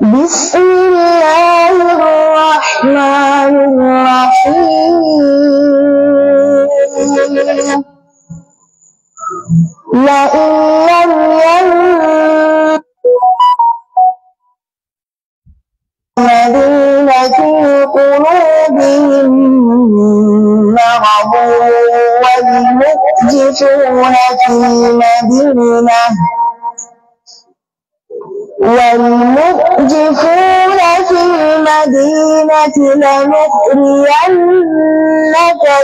This is لنغرينك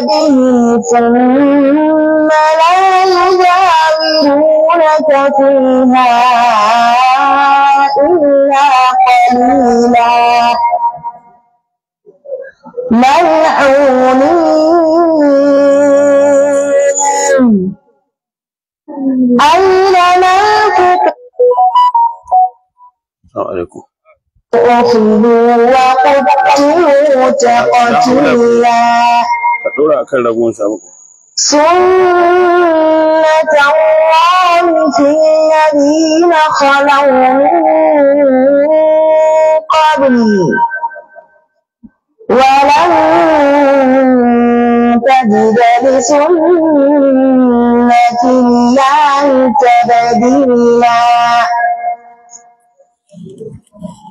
به ثم لا يجاورونك فيها إلا قليلا ملعونين kuhu wa kuta kotula katura akan ragon sa muku sunnatan wani fiyari na kwanan kwanan walan tajida da sunnatin yan tabadila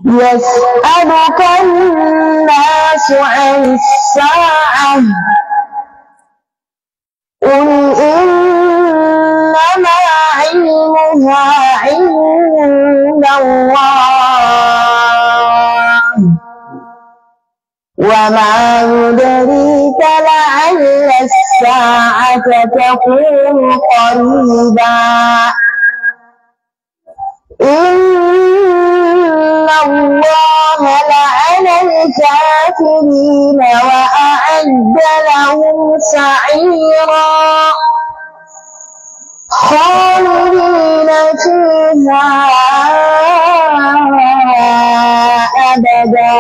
يسألك الناس عن الساعة قل إنما علمها عند الله وما يدريك لعل الساعة تكون قريبا إن الله لعن الكافرين وأعد لهم سعيرا خالدين فيها أبدا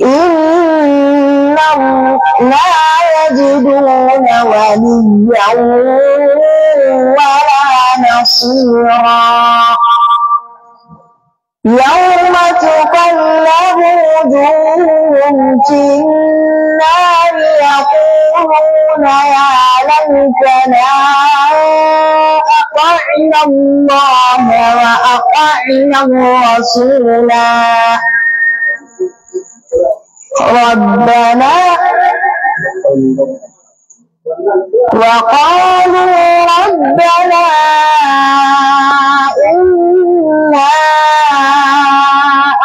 إنهم لا يجدون وليا ولا بصيرا يوم تقلب وجوههم في النار يقولون يا ليتنا أطعنا الله وأطعنا الرسولا ربنا وقالوا ربنا إنا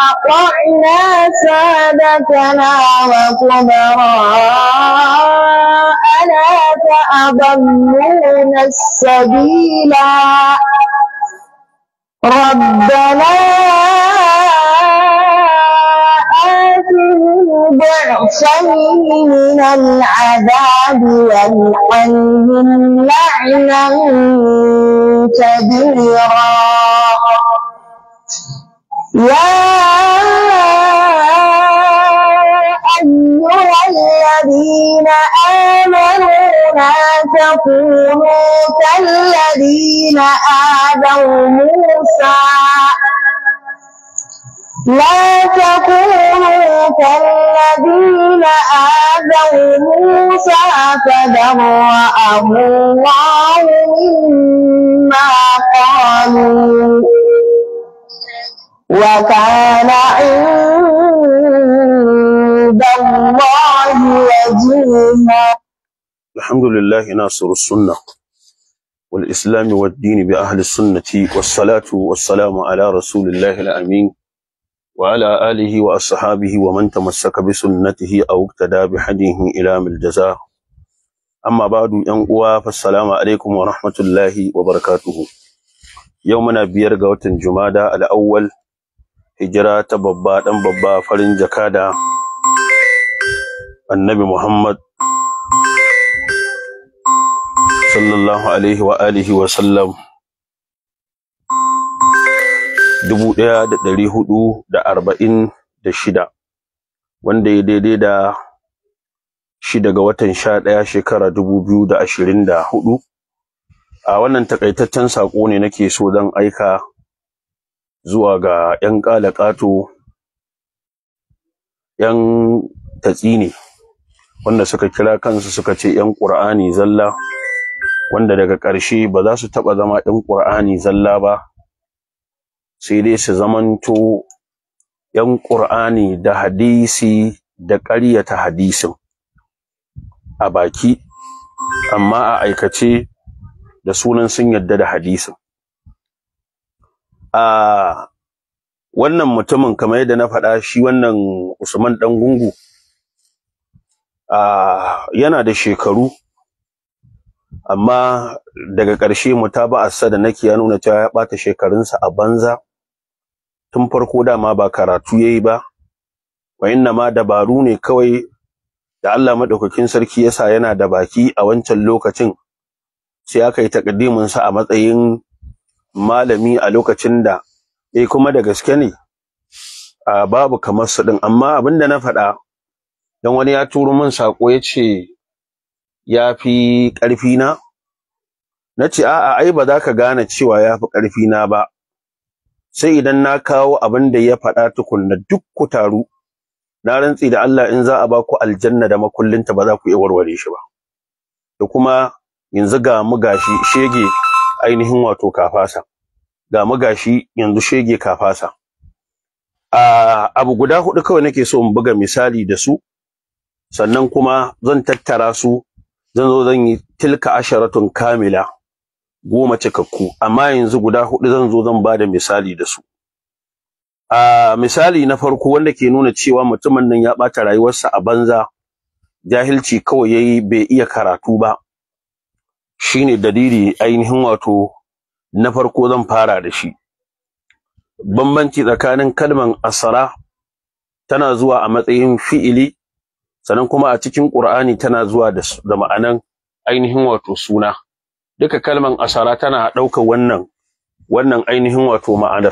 أطعنا سادتنا وكبراءنا فأضلونا السبيلا ربنا بأسا من العذاب والقلب لعنا كبيرا يا أيها الذين آمنوا لا تكونوا كالذين آذوا موسى لا تكونوا كالذين آذوا موسى فدرأه الله مما قالوا وكان عند الله وجيما الحمد لله ناصر السنة والإسلام والدين بأهل السنة والصلاة والسلام على رسول الله الأمين وعلى آله وأصحابه ومن تمسك بسنته أو اقتدى بهديه إلى من الجزاء أما بعد ينقوا فالسلام عليكم ورحمة الله وبركاته يومنا بيرغة وتنجمادة الأول هجرة تبابا تنبابا فلنجكادة النبي محمد صلى الله عليه وآله وسلم dubu ɗaya da ɗari hudu da arba'in da shida wanda ya daidai da shi daga watan sha ɗaya shekara dubu biyu da ashirin da hudu a wannan takaitaccen saƙo ne nake so don aika zuwa ga 'yan ƙato 'yan tatsini wanda suka kira kansu suka ce 'yan ƙur'ani zalla wanda daga ƙarshe ba za su taɓa zama 'yan ƙur'ani zalla ba sai dai su zamanto ‘yan ƙur'ani da hadisi da ƙaryata hadisin a baki, amma a aikace da sunan sun yadda da hadisin. A wannan mutumin kamar yadda na faɗa shi wannan Usman ɗan gungu yana da shekaru amma daga ƙarshe a da nake ya nuna cewa ya ɓata shekarunsa a banza tun farko dama ba karatu yayi ba wa ma dabaru ne kawai da Allah madaukakin sarki yasa yana da baki a wancan lokacin sai aka yi takaddimin sa a matsayin malami a lokacin da eh kuma da gaske ne a babu kamar su din amma da na faɗa dan wani ya turo min sako yace yafi karfi na nace ce a'a ai ba za ka gane cewa yafi karfi na ba sai idan na kawo abin da ya faɗa tukunna duk ku taru na rantsi da Allah in za a ba ku aljanna da makullinta ba za ku iya warware shi ba da kuma yanzu ga mu gashi shege ainihin wato kafasa ga mu gashi yanzu shege kafasa a abu guda hudu kawai nake so in buga misali da su sannan kuma zan tattara su zan zo zan yi tilka asharatun kamila goma cikakku amma yanzu guda hudu zan zo zan bada misali da su a misali na farko wanda ke nuna cewa mutumin nan ya bata rayuwarsa a banza jahilci kawai yayi bai iya karatu ba shine dalili ainihin wato na farko zan fara da shi bambanci tsakanin kalman asara tana zuwa a matsayin fi'ili sannan kuma a cikin Qur'ani tana zuwa da ma'anan ainihin wato suna duka kalman asara tana ɗaukar wannan wannan ainihin wato ma'anar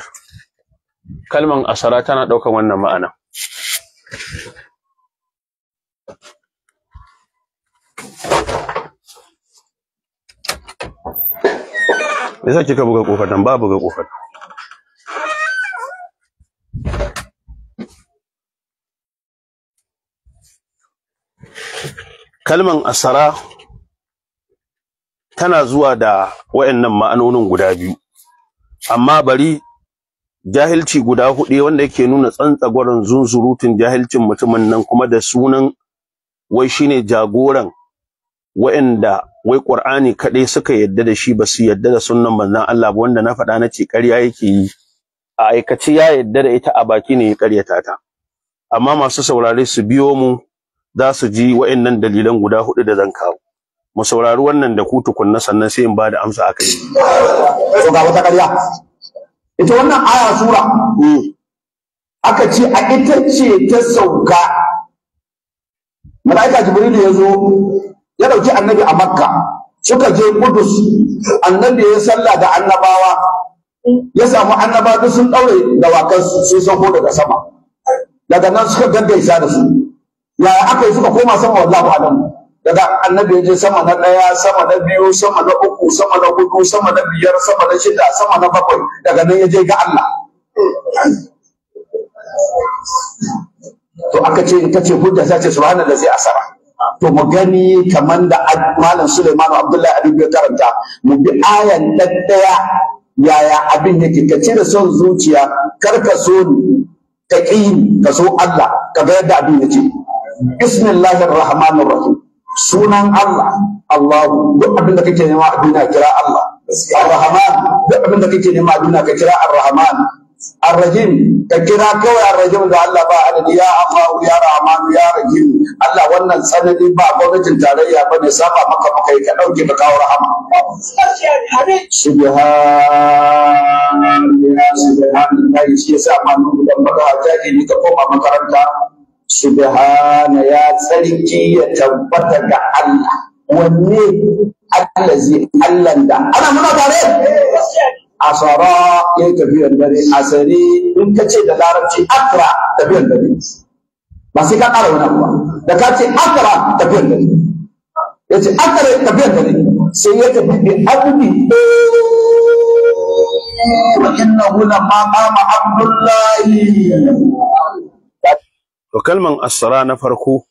kalman asara tana ɗaukar wannan ma'ana me sai kika buga kofar nan ba buga kofar kalman asara tana zuwa da wayannan ma'anonin guda biyu amma bari jahilci guda hudu wanda yake nuna tsantsagwaron zunzurutun jahilcin mutumin nan kuma da sunan wai shine jagoran wa'anda wai Qur'ani kadai suka yadda da shi ba su yadda da sunnan manzon Allah ba wanda na faɗa na ce ƙarya yake yi a aikace ya yadda da ita a baki ne ya ƙaryata ta amma masu saurare su biyo mu za su ji wa'annan dalilan guda hudu da zan kawo mu saurari wannan da ku tukunna sannan sai in bada amsa akai to ga wata ƙarya ita wannan aya sura hmm. aka ce a ita ce ta sauka mala'ika jibril ya zo ya dauki annabi a makka suka je kudus annabi ya sallah da annabawa ya samu annaba duk sun daure dawakan sun sauko daga sama daga nan suka gaggaisa da su yaya aka yi suka koma sama wallahu alamu daga annabi ya je sama na ɗaya sama na biyu sama na uku sama na hudu sama na biyar sama na shida sama na bakwai daga nan ya je ga Allah to aka ce ita ce hujja ta ce da zai asara to mu gani kaman da malam Suleiman Abdullahi Abi ya karanta mu bi ayan ɗaya yaya abin yake ka cire son zuciya kar ka so ni ka ƙi ka so Allah ka ga yadda abin yake bismillahir rahmanir rahim sunan Allah Allahu duk abin da kake nema a duniya kira Allah Ar-Rahman duk abin da kake nema a duniya ka kira Ar-Rahman Ar-Rahim ka kira kawai Ar-Rahim da Allah ba adadi ya Allahu ya Rahman ya Rahim Allah wannan sanadi ba gwamnatin tarayya ba ne saba maka maka ka dauke ka kawo rahama subhanallahi subhanallahi shi yasa ma mun da baka jahili ka koma makaranta subhana ya tsarki ya tabbata ga Allah wanne Allah zai Allah da ana muna tare asara ya tafiyar dare asari in ka ce da larabci akra tafiyar dare ba sai ka ƙara wani abu ba da ka ce akra tafiyar dare ya ce akra tafiyar dare sai ya tafi bi abdi wa innahu lamma qama abdullahi to kalman asra na farko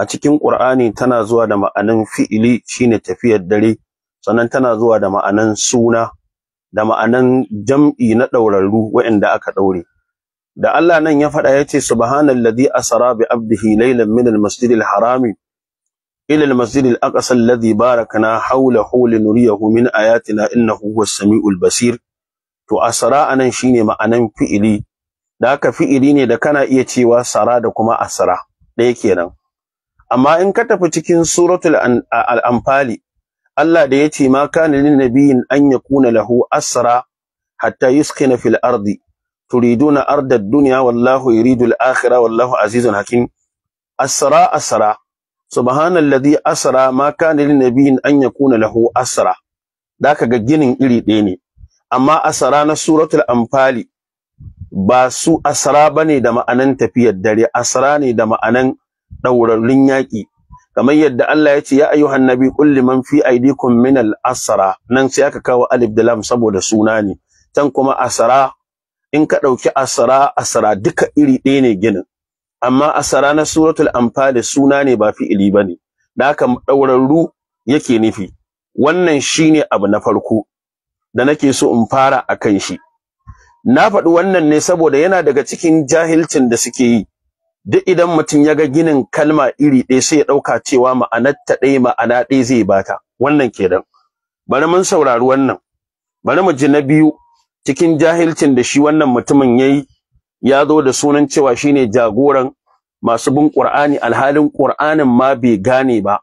a cikin qur'ani tana zuwa da ma'anan fi'ili shine tafiyar dare sannan tana zuwa da ma'anan suna da ma'anan jam'i na daurarru waɗanda aka daure da Allah nan ya faɗa yace subhanallazi asra bi abdihi laylan min almasjidil harami إلى المسجد الأقصى الذي باركنا حوله لنريه من ayatina innahu هو sami'ul basir to asara anan shine ma'anan fi'ili da fi iri ne da kana iya cewa sara da kuma Asara. ɗaya kenan amma in ka tafi cikin suratul al-anfali Allah da ya ce ma kana lin nabiyyin an yakuna lahu asra hatta yuskina fil ardi turiduna arda ad-dunya wallahu yuridu al-akhirah wallahu azizun hakim asra asra subhanalladhi asra ma kana lin nabiyyin an yakuna lahu asra da ka ga ginin iri ɗaya ne amma asara na suratul anfali ba su asara bane da ma'anan tafiyar dare asara ne da ma'anan ɗaurarrun yaƙi kamar yadda Allah ya ce ya ayyuhan nabi qul liman fi aidikum min al asra nan sai aka kawo alif da lam saboda suna ne can kuma asara, in ka ɗauki asara, asara duka iri ɗaya ne ginin amma asara na suratul anfal suna ne ba fi'ili bane da haka daurarru yake nufi wannan shine abu na farko da nake so in fara akan shi na faɗi wannan ne saboda yana daga cikin jahilcin da suke yi duk idan mutum ya ga ginin kalma iri ɗaya sai ya ɗauka cewa ma'anar ta ɗaya ma'ana ɗaya zai bata wannan kenan bari mun saurari wannan bari mu ji na biyu cikin jahilcin da shi wannan mutumin yayi ya zo da sunan cewa shine jagoran masu bin ƙur'ani, alhalin ƙur'anin ma bai gane ba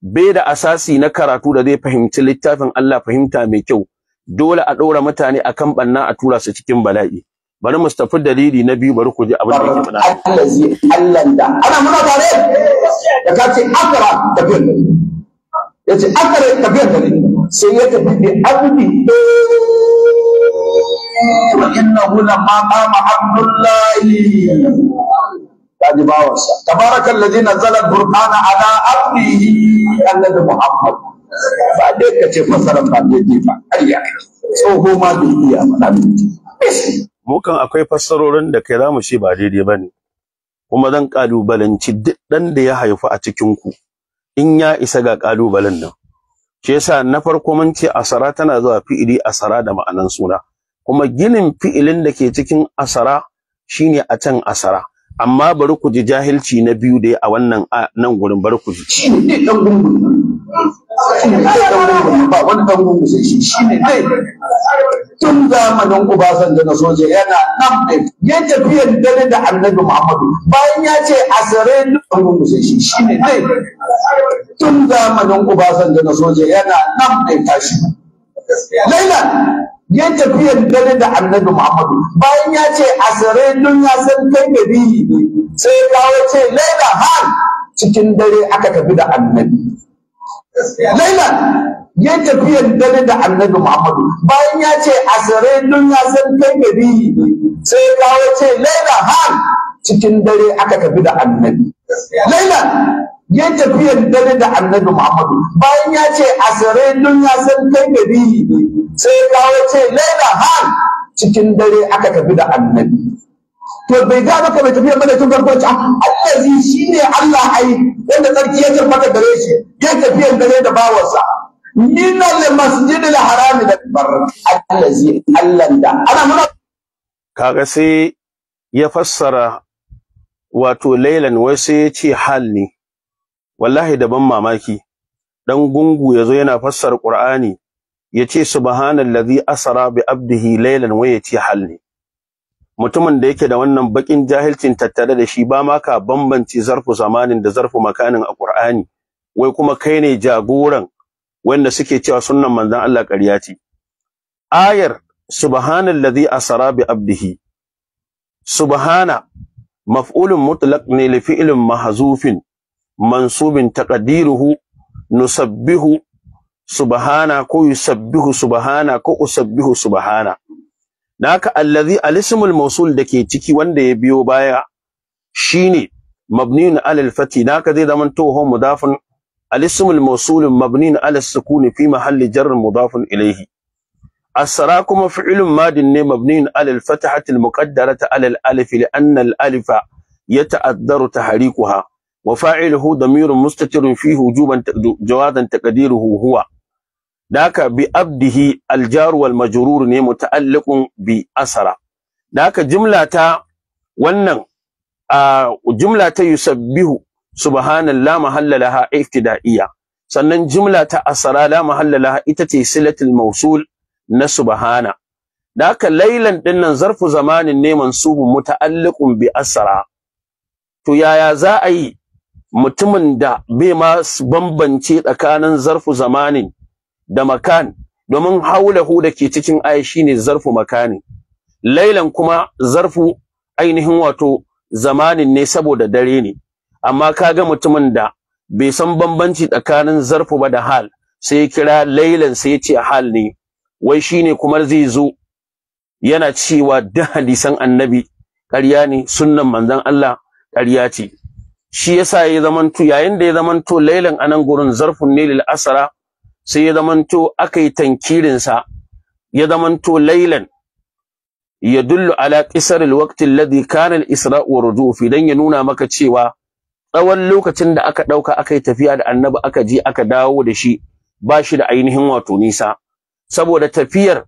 bai da asasi na karatu da zai fahimci littafin Allah fahimta mai kyau dole a ɗora mutane a kan banna a tura su cikin bala'i bari mu tafi dalili na biyu bari ku ji abin da yake faɗa allazi allanda ana muna tare da kace akara tafiyar da yace akara tafiyar da sai ya tafi bi abdi wa innahu ma. qama abdullahi kaji bawansa tabarakallazi nazzala alqur'ana ala abdihi annabi muhammad ba dai ka ce fasaran ba daidai ba tsoho ma bai iya faɗa mu kan akwai fassarorin da kai zamu shi ba daidai ba ne kuma zan ƙalubalanci duk ɗan da ya haifu a cikin ku in ya isa ga ƙalubalen nan shi yasa na farko mun ce asara tana zuwa fi'ili asara da ma'anan suna kuma ginin fi'ilin da ke cikin asara shine a can asara amma bari ku ji jahilci na biyu da a wannan nan gurin bari ku ji ba wani ɗan gungu sai shi shi ne dai tun zamanin Obasanjo na soja yana nan ne ya tafiyan dare da Annabi Muhammadu bayan ya ce asare gungu sai shi shi ne dai tun zamanin Obasanjo na soja yana nan ne tashi Lailan ya tafiyan dare da Annabi Muhammadu bayan ya ce asare dun ya san kai gari ne sai ya kawo ce har cikin dare aka tafi da Annabi Lailan ya tafi dare da annabi Muhammadu bayan ya ce a don ya san kai gari sai kawo ce laila har cikin dare aka tafi da annabi lailan ya tafi dare da annabi Muhammadu bayan ya ce a don ya san kai gari sai kawo ce laila har cikin dare aka tafi da annabi to bai ga maka bai tafiya mana tun farko ci ah, allazi shine Allah ai wanda tsarki ya tabbata gare shi ya tafiya gare da bawansa inna lil masjid al haram da bar allazi Allah da ana muna kaga sai ya fassara wato laylan wai sai ya ce hal ne wallahi da ban mamaki dan gungu yazo yana fassara qur'ani yace subhanallazi asra bi abdihi laylan wai ya ce hal ne mutumin da yake da wannan bakin jahilcin tattare da shi ba ma ka bambance zarfu zamanin da zarfu makanin a Qur'ani wai kuma kai ne jagoran wanda suke cewa sunnan manzon Allah ƙarya ce ayar subhanallazi asra bi abdihi subhana maf'ulun mutlaq ne li fi'lin mahzufin mansubin taqdiruhu nusabbihu subhana ko yusabbihu subhana ko usabbihu subhana Naka allazi alismul mausul ke ciki wanda ya biyo baya shine mabniun alal fati naka zai zama to hu mudafun alismul mausul mabniun alas sukuni fi mahalli jar mudafun ilayhi asra kuma fi'lun madin ne mabniun alal fatahati almuqaddarati alal alif li anna al ya yata'addaru tahrikuha wa fa'iluhu damirun mustatirun fi hujuban jawadan taqdiruhu huwa daka bi abdihi aljar wal majrur ne muta'alliqun bi asara daka jumla ta wannan jumla ta yusabbihu subhanallahi mahallalaha iftidaiya sannan jumla ta asara la mahallalaha ita ce silatul mawsul na subhana daka lailan dinnan zarfu zamanin ne mansubu muta'alliqun bi asara to yaya za a yi mutumin da bai ma bambance tsakanin zarfu zamanin da makan domin haulahu da ke cikin aya shine zarfu makani lailan kuma zarfu ainihin wato zamanin ne saboda dare ne amma kaga mutumin da bai san bambanci tsakanin zarfu ba da hal sai ya kira lailan sai ya ce hal ne wai shine kuma zai zo yana cewa duk hadisan annabi ƙarya ne sunnan manzon Allah ƙarya ce shi yasa ya zamanto yayin da ya zamanto lailan anan gurin zarfun ne lil asara sai ya zamanto aka yi tankirinsa ya zamanto lailan ya dullu ala qisar waktin alladhi kana Isra'uwar isra wa dan ya nuna maka cewa tsawon lokacin da aka ɗauka aka yi tafiya da annabi aka je aka dawo da shi ba shi da ainihin wato nisa saboda tafiyar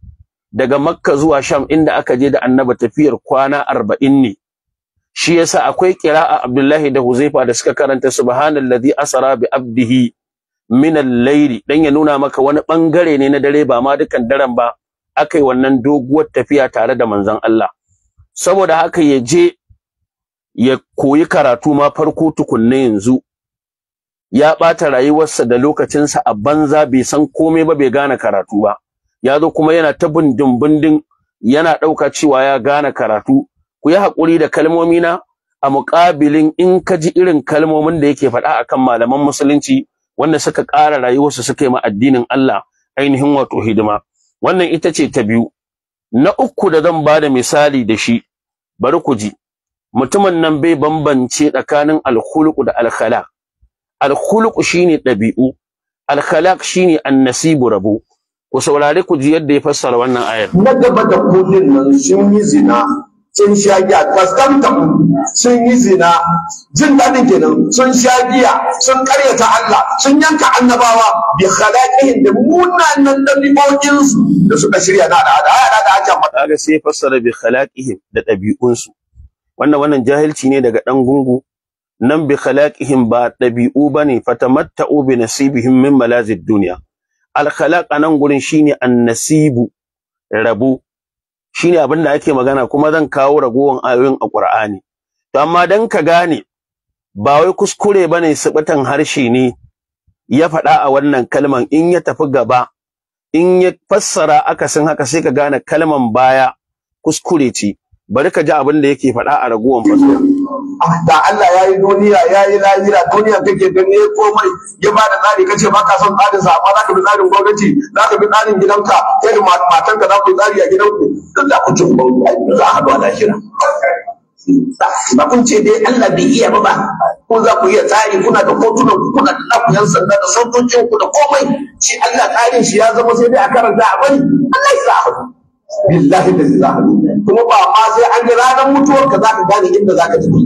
daga makka zuwa sham inda aka je da annabi tafiyar kwana arba'in ne shi yasa akwai a abdullahi da huzaifa da suka karanta subhanallazi asra bi abdihi min al dan ya nuna maka wani bangare ne na dare ba ma dukan daren ba akai wannan doguwar tafiya tare da manzon Allah saboda haka ya je ya koyi karatu ma farko tukunna yanzu ya ɓata rayuwarsa da lokacinsa a banza bai san komai ba bai gane karatu ba ya zo kuma yana ta bindin bindin yana ɗauka cewa ya gane karatu ku yi haƙuri da kalmomi na a muƙabilin in ka ji irin kalmomin da yake faɗa akan malaman musulunci wanda suka ƙara rayuwarsu suka yi ma addinin Allah ainihin wato hidima wannan ita ce ta biyu na uku da zan bada misali da shi bari ku ji mutumin nan bai bambance tsakanin alkhuluqu da alkhalaq alkhuluqu shine dabi'u alkhalaq shine annasibu rabu ku saurare ku ji yadda ya fassara wannan ayar na gaba da kullun nan sun yi zina sun sha giya sun yi zina jin daɗin kenan sun sha giya sun karyata Allah sun yanka annabawa bi khalaqihim da munanan dabi'o'in su da suka shirya na da da ya da aka ga sai fassara bi khalaqihim da dabi'un su wannan wannan jahilci ne daga dan gungu nan bi khalaqihim ba dabi'u bane fatamatta'u bi nasibihim min malazid dunya al khalaq anan gurin shine an nasibu rabu shine abin da ake magana kuma zan kawo ragowan ayoyin a Qur'ani to amma dan ka gane ba wai kuskure bane subatan harshe ne ya faɗa a wannan kalman in ya tafi gaba in ya fassara akasin haka sai ka gane kalman baya kuskure ce bari ka ji abin da yake faɗa a ragowan fassara Ah, da Allah ya yi duniya ya yi lahira duniya kake gani ya komai ya ba da tsari kace ba ka son tsarin sa amma za ka bi tsarin gwamnati za ka bi tsarin gidanka kai da matanka za ku tsari a gidanku dan da ku ci ku za a haɗu a lahira ba kun ce dai Allah bai iya ba ba ko za ku iya tsari kuna da kotunan kuna da lakuyan sanda da sautocin ku da komai shi Allah tsarin shi ya zama sai dai a karanta a bari Allah ya sa billahi da zai zahabi kuma ba ma sai an ga ranar mutuwar ka za ka gane inda za ka tafi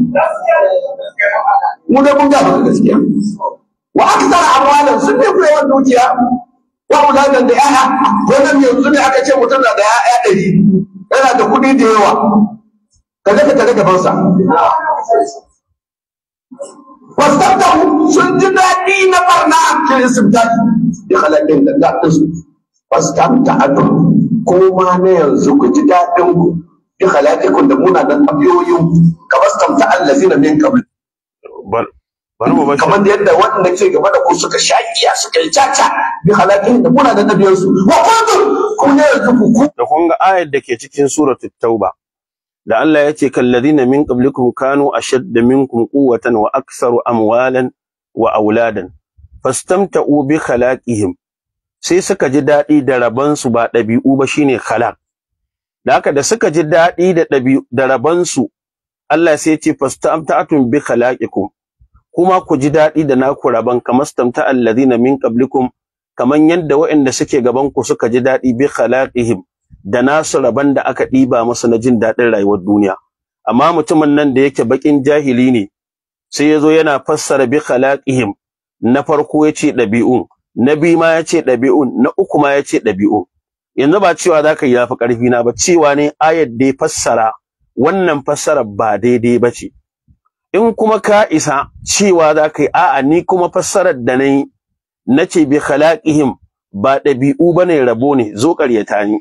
mu dai mun gaba gaskiya wa aksara amwalan sun ne kuma yawan dukiya wa mulakan da yaya wannan yanzu ne aka ce mutum na da yaya ɗari yana da kuɗi da yawa ka daga ka daga fansa. wasu sun ji daɗi na barna a cikin isibtaki ya halatta da ɗaɗinsu fastamta adun ko ma na yanzu ku ji daɗin ku bi halakikun da muna munanan abiyoyin ka fastamta allazina min qabl kamar yadda wanda ke game da ku suka shaƙiya suka yi caca bi halakin da muna da nabiyarsu wa kuntum kun ne yanzu ku ku da kun ga ayar da ke cikin suratul tauba da Allah ya ce kalladina min qablikum kanu ashadda minkum quwwatan wa aktsaru amwalan wa auladan fastamta'u bi khalaqihim sai suka ji daɗi da rabansu ba ɗabi'u ba shine khalaq da haka da suka ji daɗi da ɗabi'u rabansu Allah sai ya ce fastamta'atun bi khalaqikum kuma ku ji daɗi da naku raban kamastamta alladhina min qablikum kaman yadda waɗanda suke gaban ku suka ji daɗi bi khalaqihim da nasu raban da aka ɗiba musu na jin daɗin rayuwar duniya amma mutumin nan da yake bakin jahili ne sai ya zo yana fassara bi khalaqihim na farko ya ce ɗabi'un na biyu ma ya ce ɗabi'un na uku ma ya ce ɗabi'un yanzu ba cewa za ka yi yafi ƙarfi na ba cewa ne ayat da fassara wannan fassarar ba daidai ba ce in kuma ka isa cewa za ka yi a'a ni kuma fassarar da na yi na ce bi khalaqihim ba ɗabi'u ba ne rabo ne zo ƙaryata ni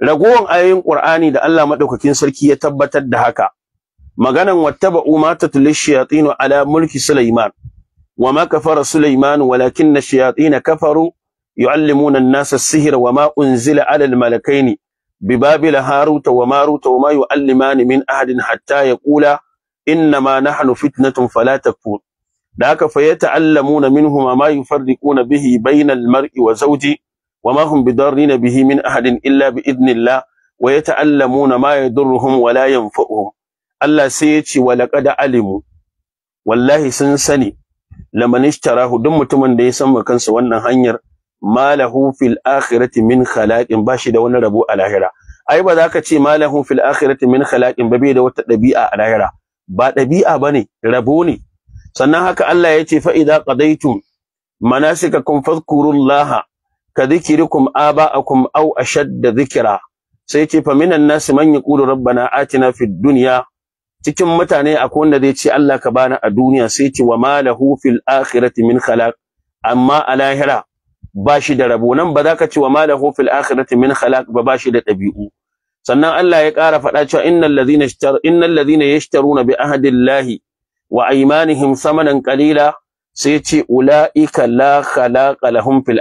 ragowar ayoyin ƙur'ani da Allah maɗaukakin sarki ya tabbatar da haka maganan wattaba'u ma tatlu shayatinu ala mulki Sulaiman وما كفر سليمان ولكن الشياطين كفروا يعلمون الناس السحر وما أنزل على الملكين ببابل هاروت وماروت وما يعلمان من أحد حتى يقولا إنما نحن فتنة فلا تكفور ذاك فيتعلمون منهما ما يفرقون به بين المرء وزوجه وما هم بضارين به من أحد إلا بإذن الله ويتعلمون ما يضرهم ولا ينفعهم الله سيتي ولقد علموا والله سنسني lamanishtarahu duk mutumin da ya san ma kansa wannan hanyar malahu fil akhirati min khalaqin bashi da wani rabo a lahira ai ba za ka ce malahu fil akhirati min khalaqin ba bai da wata dabi'a a lahira ba dabi'a bane rabo ne sannan haka Allah ya ce fa idza qadaytum manasikakum fadhkurullaha ka dhikrikum aba'akum aw ashadda dhikra sai ce fa minan manya man yaqulu rabbana atina fid dunya cikin mutane akwai wanda zai ce Allah ka bani a duniya sai ce wa ma lahu fil akhirati min khalaq amma a lahira ba shi da rabo nan ba za ka ce wa ma lahu fil akhirati min khalaq ba ba shi da ɗabi'u sannan Allah ya ƙara faɗa cewa innal ladhina innal ladhina yashtaruna bi ahdillahi wa aymanihim samanan qalila sai ce ula'ika la khalaqa lahum fil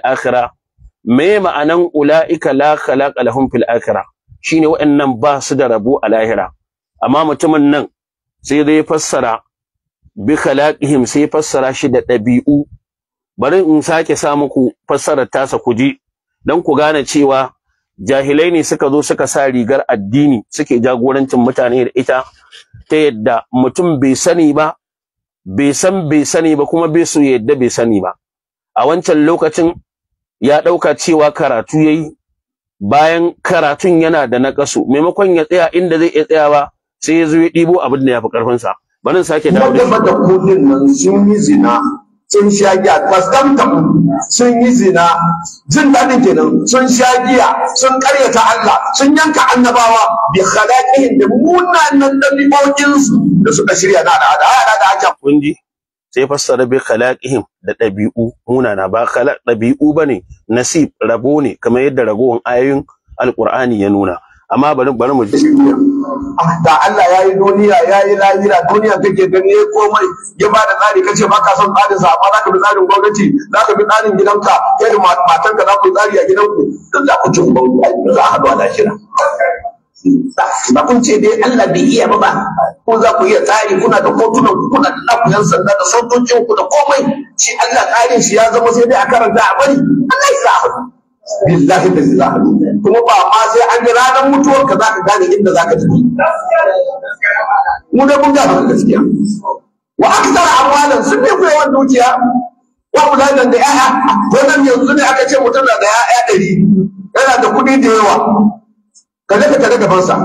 me ma'anan ula'ika la khalaqa lahum fil akhirah shine wa'annan ba su da rabo a lahira amma mutumin nan sai dai fassara bi khalaqihim sai fassara shi da ɗabi'u bari in sake sa muku fassarar tasa ku ji dan ku gane cewa jahilai ne suka zo suka sa rigar addini suke jagorancin mutane da ita ta yadda mutum bai sani ba bai san bai sani ba kuma bai so yadda bai sani ba a wancan lokacin ya ɗauka cewa karatu yayi bayan karatun yana da naƙasu maimakon ya tsaya inda zai iya tsayawa sai ya ya ɗibo abin da ya fi ƙarfinsa bari sake dawo da shi da nan sun yi zina sun sha giya kwastamta sun yi zina jin daɗin kenan sun sha giya sun ƙaryata Allah sun yanka annabawa bi khalaqihim da munanan nan da suka shirya da da da da aka kunji sai fassara bi khalaqihim da dabi'u munana ba khalaq dabi'u bane nasib rabo ne kamar yadda ragowar ayoyin alqur'ani ya nuna amma bari bari mu ji Ah, da Allah ya yi duniya ya yi lahira duniya kake gani ya komai ya ba da tsari kace ba ka son tsarin sa amma za ka bi tsarin gwamnati za ka bi tsarin gidanka kai da matanka za ku tsari a gidanku duk za ku ci ba. za a hadu a lahira ba kun ce dai Allah bai iya ba ba ko za ku iya tsari kuna da kotunan kuna da naku yan sanda da sojojin ku da komai shi Allah tsarin shi ya zama sai dai a karanta a bari Allah ya sa billahi da za ka kuma ba ma sai an ji ranar mutuwar ka za ka gane inda za ka tafi mu dai mun gaba gaskiya wa aksara amwalan sun fi yawan dukiya wa fulanan da ya'ya ko nan yanzu ne aka ce mutum na da ya'ya ɗari yana da kuɗi da yawa ka daga ka daga bansa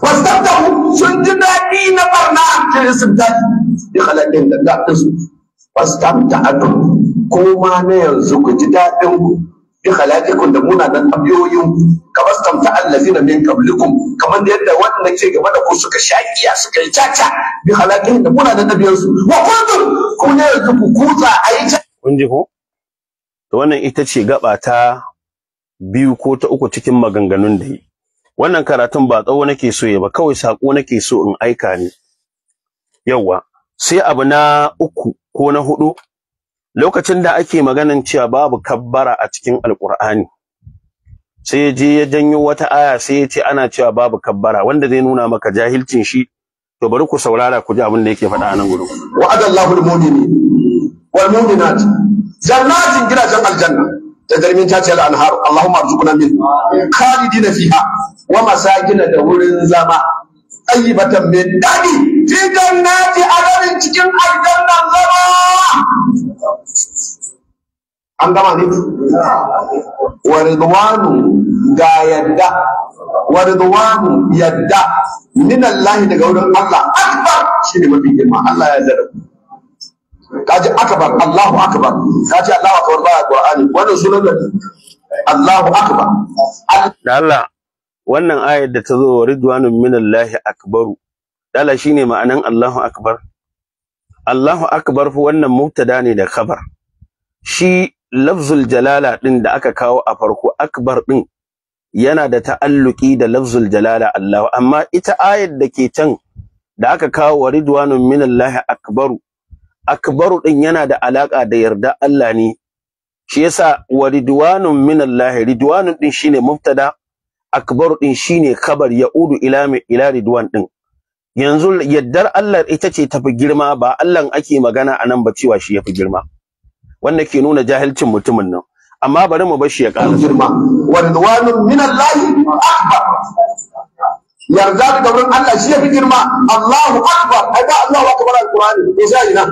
fastabtahu sun ji daɗi na barna kirisintaki ya halatta da su. fastamta akum ko ma na yanzu ku ji daɗin ku bi halakikum da muna munanan abiyoyin ka allazi allazina min kablikum kamar da yadda wanda ke gaba da ku suka shaƙiya suka yi caca bi halakikum da muna munanan abiyansu wa kuntum ku ne yanzu ku kutsa a yi kun ji ko to wannan ita ce gaba ta biyu ko ta uku cikin maganganun da yi wannan karatun ba tsawo nake so ya ba kawai sako nake so in aika ne yawwa sai abu na uku ko na hudu lokacin da ake maganan cewa babu kabbara a cikin alkur'ani sai je ya janyo wata aya sai ya ce ana cewa babu kabbara wanda zai nuna maka jahilcin shi to bari ku saurara ku ji abin da yake faɗa a nan gudu wa'adallahu almu'minin wal mu'minat jannatin gidajen aljanna Da ta تجري من تحتها الانهار اللهم ارزقنا منه خالدين فيها ومساكن دور زما طيبه من دادي fi jannati adalin cikin aljannan zama an gama ne wa ridwanu ga yadda wa ridwanu yadda min Allah daga wurin Allah akbar shine mafi girma Allah ya yarda kaji akbar Allahu akbar kaji Allahu akbar ba Qur'ani wannan sunan da Allahu akbar Allah wannan ayar da ta zo wa ridwanun min Allah akbaru dala shine ma'anan Allahu akbar Allahu akbar fu wannan mubtada ne da khabar shi lafzul jalala din da aka kawo a farko akbar din yana da ta'alluki da lafzul jalala Allah amma ita ayar da ke can da aka kawo wa ridwanun minallahi akbaru akbaru din yana da alaka da yarda Allah ne shi yasa wa minallahi ridwanun din shine mubtada akbaru din shine khabar ya ila ila ridwan din yanzu yaddar Allah ita ce tafi girma ba Allah ake magana anan ba cewa shi yafi girma wanda ke nuna jahilcin mutumin nan amma bari mu bar shi ya ƙara girma wadwanun min akbar yarda da wurin Allah shi yafi girma Allahu akbar ai ba Allahu akbar alqur'ani ko sai ina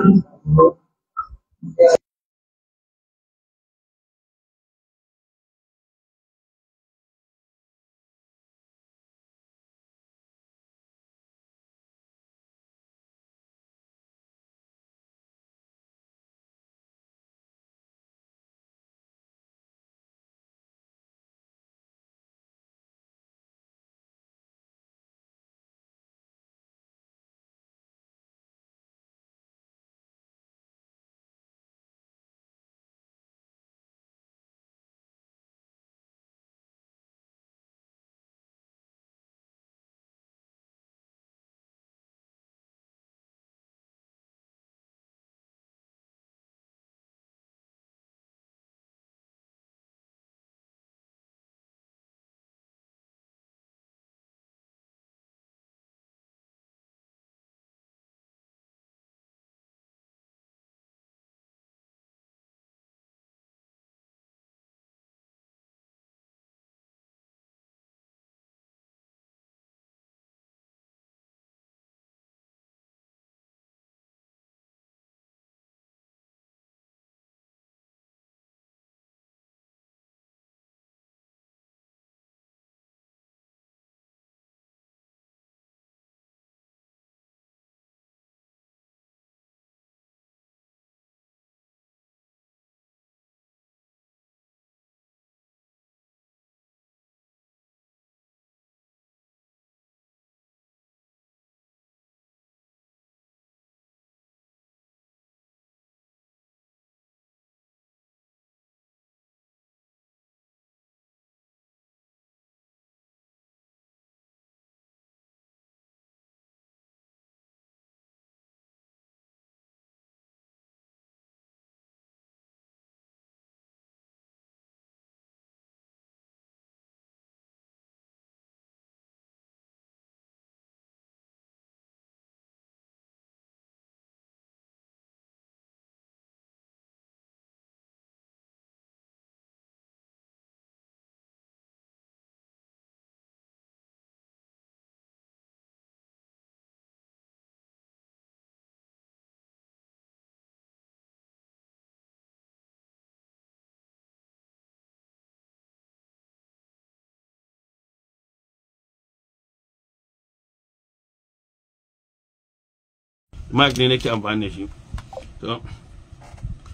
mark ne nake amfani da shi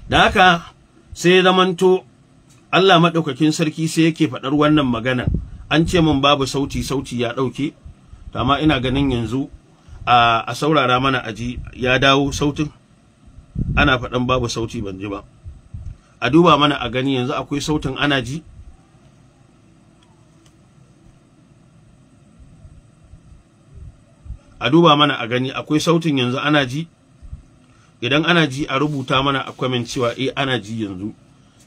da haka sai zamanto Allah maɗaukakin sarki sai yake faɗar wannan magana an ce min babu sauti sauti ya ɗauke amma ina ganin yanzu a saurara mana aji ya dawo sautin ana faɗan babu sauti ban ji ba a duba mana a gani yanzu akwai sautin ana ji a duba mana a gani akwai sautin yanzu ana ji idan ana ji a rubuta mana a comment cewa eh ana ji yanzu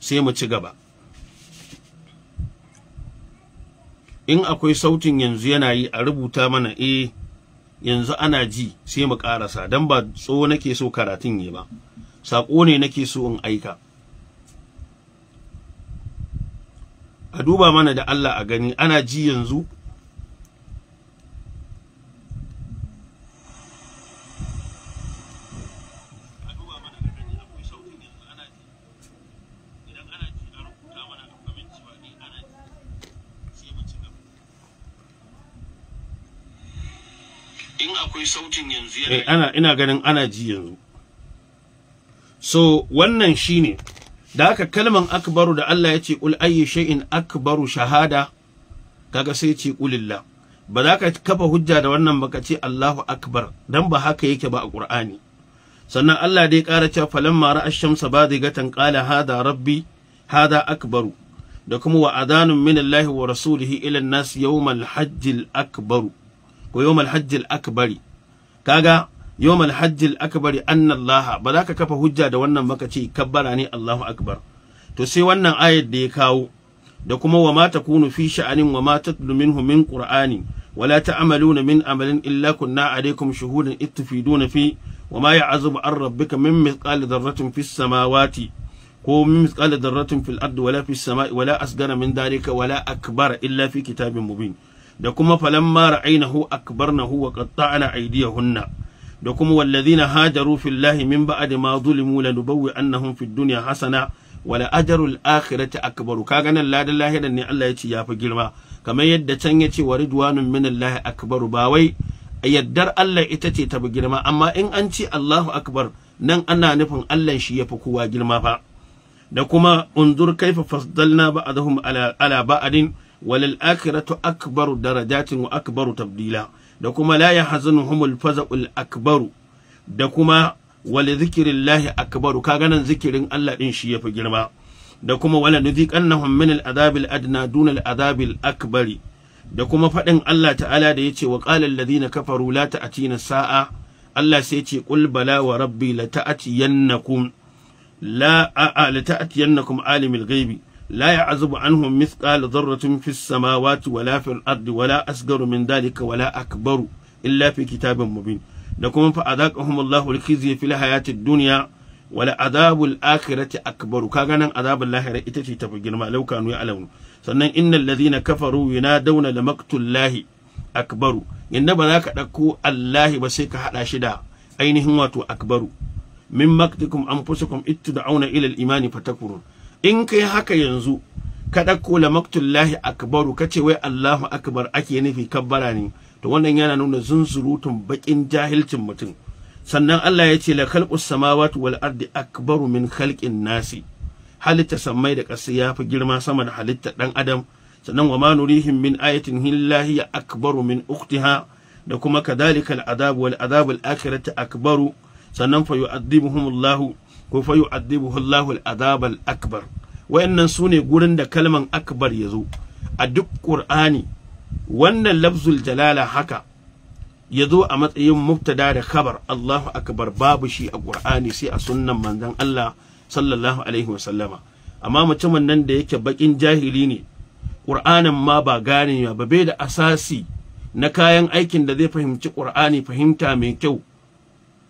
sai mu ci gaba in akwai sautin yanzu yana yi a rubuta mana eh yanzu ana ji sai mu karasa dan ba tso nake so karatun yi ba sako ne nake so in aika a duba mana da Allah a gani ana ji yanzu akwai eh, ana ina ganin ana ji yanzu so wannan shine da aka kalman akbaru da Allah ya ce kul ayyi shay'in akbaru shahada kaga sai ce kulillah ba za ka kafa hujja da wannan ba ka ce Allahu akbar dan ba haka yake ba a Qur'ani sannan Allah dai ƙara cewa falamma mara ash-shamsa badigatan qala hada rabbi hada akbaru da kuma wa adanun min wa rasulihi ila an-nas yawmal hajjil akbaru ko yomal hajjil akbari kaga yomal akbari annallaha ba za ka kafa hujja da wannan baka ce kabbara ne Allahu akbar to sai wannan ayar da ya kawo da kuma wa mata kunu fi sha'anin wa mata minhu min qur'ani wala ta'maluna min amalin illa kunna alaikum shuhudan ittafiduna fi wama ya'zubu ar rabbika min mithqali dharratin fis samawati ko min mithqali dharratin fil ardi wala fis samai wala asgara min dalika wala akbar illa fi kitabin mubin da kuma falamma ra'aynahu akbarnahu wa aidiya hunna da kuma wallazina hajaru fillahi min ba'di ma zulimu lanubawwi annahum fid dunya hasana wala ajrul akhirati akbaru kaga nan ladan lahiran ne Allah ya ce yafi girma kamar yadda can ya ce wa ridwanun minallahi akbaru ba wai yaddar Allah ita ce ta fi girma amma in an ce Allahu akbar nan ana nufin Allah shi yafi kowa girma fa da kuma unzur kaifa ba'a ba'dahum ala ala ba'din walil akhiratu akbaru darajatin wa akbaru tabdila da kuma la yahzanuhumul faza'ul akbaru da kuma wali zikirillahi akbaru kaga nan zikirin Allah din shi yafi girma da kuma wala nuziqannahum min al'adabil adna duna al'adabil akbari da kuma fadin Allah ta'ala da yace wa qala alladhina kafaru la ta'tina sa'a Allah sai yace qul bala wa rabbi la ta'tiyannakum la a'a la ta'tiyannakum alimul ghaibi لا يعزب عنه مثقال ذرة في السماوات ولا في الأرض ولا أصغر من ذلك ولا أكبر إلا في كتاب مبين لكم فأذاقهم الله الخزي في الحياة الدنيا wala azabul akhirati akbaru kaga nan azabul lahira ita ce fi girma law kanu ya'lamun sannan innal ladhina kafaru yunadawna lamaktul lahi akbaru inda ba za ka dauko allahi ba sai ka hada shi da ainihin wato akbaru min maktikum anfusukum ittad'una ila al-imani fatakurun in kai haka yanzu ka ɗauko la maktullahi akbaru ka ce wai Allahu akbar ake nufi kabbara ne to wannan yana nuna zunzurutun bakin jahilcin mutum sannan Allah ya ce la khalqus samawati wal ardi akbaru min khalqin nasi halitta sammai da ƙasa ya fi girma sama da halitta ɗan adam sannan wa ma nurihim min ayatin hillahi akbaru min uktiha da kuma kadhalika al adab wal adab al akhirati akbaru sannan fa yu'adhibuhum Allahu ko fa yu'adhibuhu Allahu al adab al-akbar wayannan sune gurin da kalman akbar yazo a duk Qur'ani wannan lafzul jalala haka yazo a matsayin mubtada da khabar Allahu akbar babu shi a Qur'ani sai a sunnan manzon Allah sallallahu alaihi wa sallama amma mutumin nan da yake bakin jahili ne Qur'anin ma ba ganewa ba bai da asasi na kayan aikin da zai fahimci Qur'ani fahimta mai kyau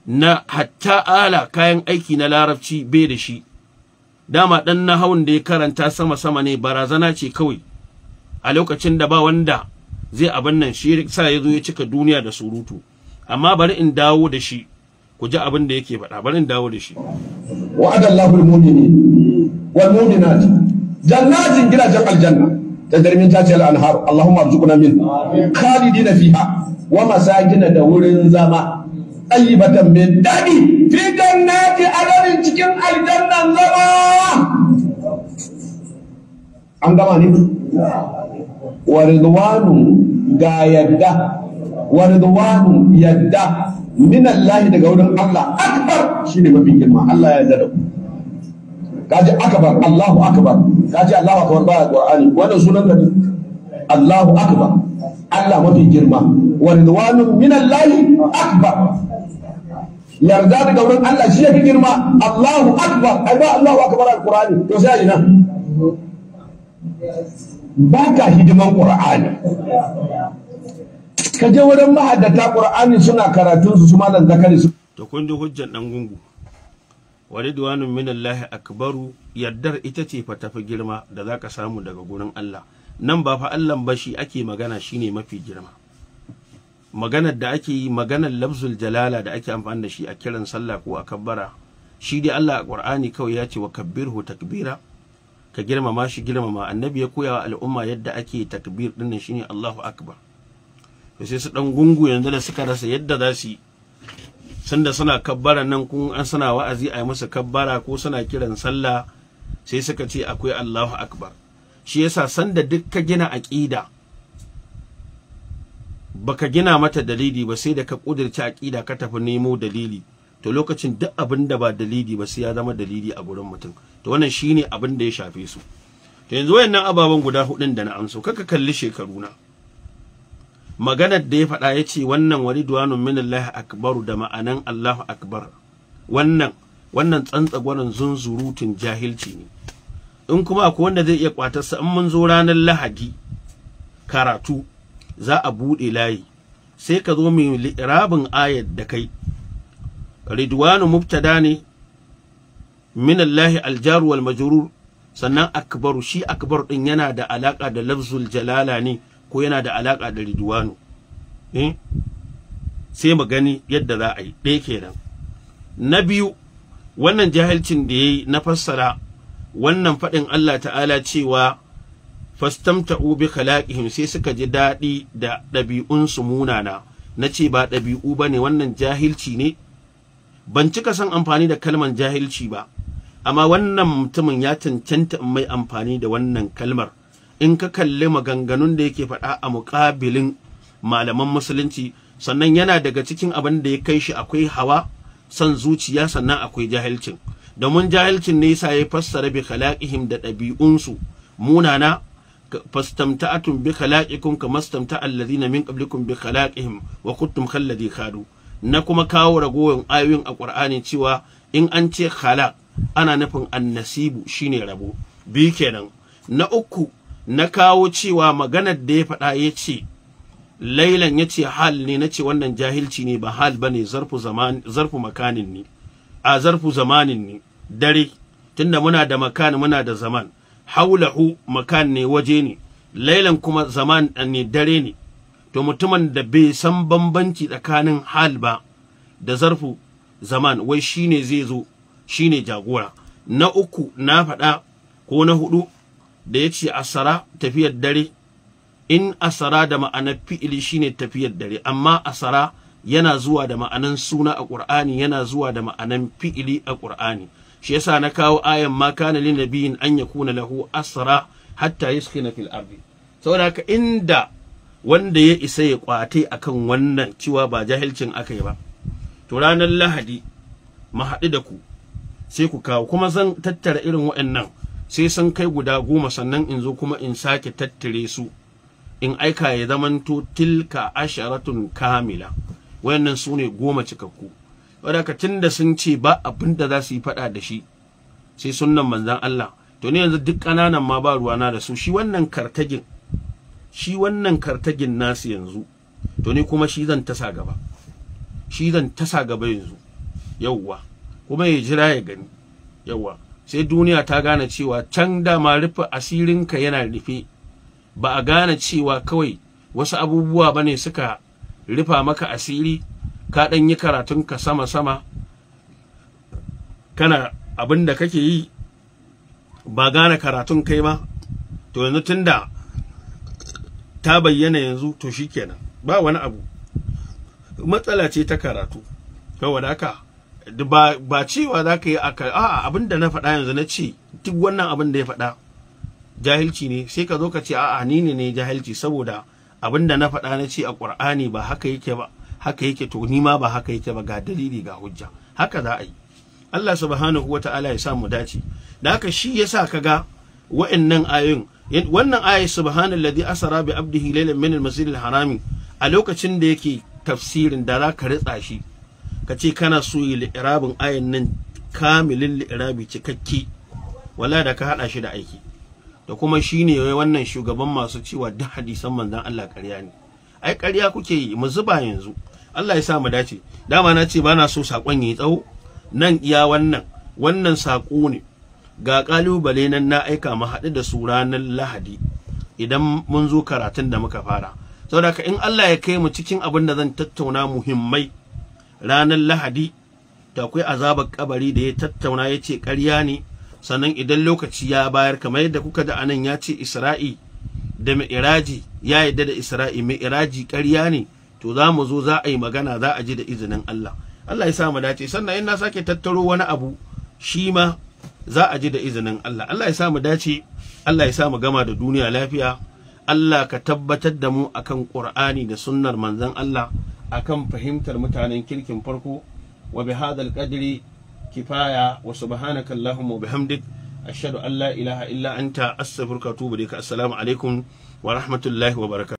na hatta ala kayan aiki na larabci bai da shi dama dan nahawun da ya karanta sama sama ne barazana ce kawai a lokacin da ba wanda zai abin nan shi sa ya zo ya cika duniya da surutu amma bari in dawo da shi ku ji abin da yake faɗa bari in dawo da shi da almu'minin wal mu'minat jannatin gidajen aljanna تدرمين تاتي الانهار اللهم wa منه خالدين فيها da wurin zama. tayyibatan min daɗi fi jannati adalin cikin aljannan zama an gama ne wa ridwanu ga yadda wa ridwanu yadda min Allah daga wurin Allah akbar shine mafi girma Allah ya yarda da ku kaji akbar Allahu akbar kaji Allahu akbar ba Qur'ani wannan sunan da Allahu akbar Allah mafi girma wa ridwanu min Allah akbar yarda daga wurin Allah shi yafi girma Allahu akbar ai ba Allahu akbar alqur'ani to sai ina ba ka hidiman qur'ani ka je wurin mahaddata qur'ani suna karatun su su malan zakari su to kun ji hujjan dan gungu wa ridwanun minallahi akbaru yaddar ita ce fa tafi girma da zaka samu daga gurin Allah nan ba fa Allah ba shi ake magana shine mafi girma maganar da ake yi maganar lafzul jalala da ake amfani da shi a kiran sallah ko a kabbara shi dai Allah a Qur'ani kawai ya ce wa kabbirhu takbira ka girmama shi girmama annabi ya koya wa al'umma yadda ake takbir din shine Allahu akbar to sai su dan gungu yanzu da suka rasa yadda za su sanda suna kabbara nan kun an suna wa'azi a yi musu kabbara ko suna kiran sallah sai suka ce akwai Allahu akbar shi yasa sanda duk ka gina aqida baka gina mata dalili ba sai da ka kudirce aqida ka tafi nemo dalili to lokacin duk abin da ba dalili ba sai ya zama dalili a gurin mutum to wannan shine abin da ya shafe su to yanzu wayannan ababen guda hudun da na amso kaka kalli shekaru na maganar da ya faɗa ya ce wannan wani minallahi akbaru da ma'anan Allahu akbar wannan wannan tsantsagwaron zunzurutun jahilci ne in kuma akwai wanda zai iya kwatarsa in mun zo ranar lahadi karatu za a buɗe layi sai ka zo mai rabin ayat da kai ridwanu mubtada ne min Allah aljar wal majrur sannan akbaru shi akbar din yana da alaka da lafzul jalala ne ko yana da alaka da ridwanu eh sai mu gani yadda za a yi ɗaya kenan na biyu wannan jahilcin da yayi na fassara wannan faɗin Allah ta'ala cewa fastamta'u bi khalaqihim sai suka ji daɗi da ɗabi'unsu munana na ce ba ɗabi'u ba ne wannan jahilci ne ban cika son amfani da kalmar jahilci ba amma wannan mutumin ya cancanta in mai amfani da wannan kalmar in ka kalli maganganun da yake faɗa a muƙabilin malaman musulunci sannan yana daga cikin abin da ya kai shi akwai hawa son zuciya sannan akwai jahilcin domin jahilcin ne yasa ya fassara bi khalaqihim da ɗabi'unsu munana fastamta'atum bi khalaqikum kama stamta alladhina min qablikum bi khalaqihim wa kuntum khalladhi khadu na kuma kawo ragowan ayoyin a Qur'ani cewa in an ce khalaq ana nufin annasibu shine rabo bi kenan na uku na kawo cewa maganar da ya faɗa ya ce lailan ya ce hal ne na ce wannan jahilci ne ba hal ba ne zarfu makanin ne a zarfu zamanin ne dare tunda muna da makani muna da zaman haulahu makan ne waje ne lailan kuma zaman ne dare ne to mutumin da bai san bambanci tsakanin hal ba da zarfu zaman wai shine zai zo shine jagora na uku na faɗa ko na hudu da ya ce asara tafiyar dare in asara da ma'anar fi'ili shine tafiyar dare amma asara yana zuwa da ma'anan suna a ƙur'ani yana zuwa da ma'anan fi'ili a ƙur'ani shi yasa na kawo ayan ma kana lin nabiyin an yakuna lahu asra hatta yaskina fil ardi saboda haka inda wanda ya isa ya kwate akan wannan ciwa ba jahilcin aka yi ba to ranar lahadi mu haɗu da ku sai ku kawo kuma zan tattara irin waɗannan sai san kai guda goma sannan in zo kuma in sake tattare su in aika ya zamanto tilka asharatun kamila wayannan su ne goma cikakku wadaka da sun ce ba abin da za su yi faɗa da shi sai sunnan manzan Allah to ne yanzu duk ƙananan ma ba ruwana da su shi wannan kartagin shi wannan kartagin nasu yanzu to ne kuma shi zan tasa gaba shi zan tasa gaba yanzu yauwa kuma ya jira ya gani yauwa sai duniya ta gane cewa can dama rufe ka yana rufe ba a gane cewa kawai wasu abubuwa bane suka rufa maka asiri ka ɗan yi karatunka sama-sama kana abin da kake yi ba gane karatun kai ba to yanzu tunda ta bayyana yanzu to shikenan ba wani abu matsala ce ta karatu saboda haka ba cewa za ka yi a abin da na faɗa yanzu na ce duk wannan abin da ya faɗa jahilci ne sai ka zo ka ce a'a ni ne ne jahilci saboda abin da na faɗa na ce a ƙur'ani ba haka yake ba haka yake to ni ma ba haka yake ba ga dalili ga hujja haka za a yi Allah subhanahu ta'ala ya sa mu dace da haka shi yasa kaga wa'annan ayoyin wannan aya subhanalladhi asara bi abdihi laylan min al-masjid harami a lokacin da yake tafsirin da za ka ritsa shi ka ce kana so yi li'irabin ayan nan kamilin li'irabi cikakke wala da ka hada shi da aiki da kuma shine wannan shugaban masu cewa duk hadisan manzon Allah ƙarya ne ai ƙarya kuke yi mu zuba yanzu Allah ya sa mu dace dama na ce bana so sakon yi tsawo nan iya wannan wannan sako ne ga kalubale nan na aika mu haɗu da su ranar Lahadi idan mun zo karatun da muka fara saboda ka in Allah ya kai mu cikin abin da zan tattauna muhimmai ranar Lahadi da akwai azabar kabari da ya tattauna ya ce ƙarya ne sannan idan lokaci ya bayar kamar yadda kuka da anan ya ce Isra'i da Mi'iraji ya yadda da Isra'i Mi'iraji ƙarya ne to za mu zo za a yi magana za a ji da izinin Allah Allah ya sa mu dace sannan in na sake tattaro wani abu shi ma za a ji da izinin Allah Allah ya sa mu dace Allah ya sa mu gama da duniya lafiya Allah ka tabbatar da mu akan Qur'ani da sunnar manzon Allah akan fahimtar mutanen kirkin farko wa bihadal qadri kifaya wa subhanaka allahumma wa bihamdik ashhadu an la ilaha illa anta astaghfiruka wa atubu ilaik assalamu alaikum wa rahmatullahi wa barakatuh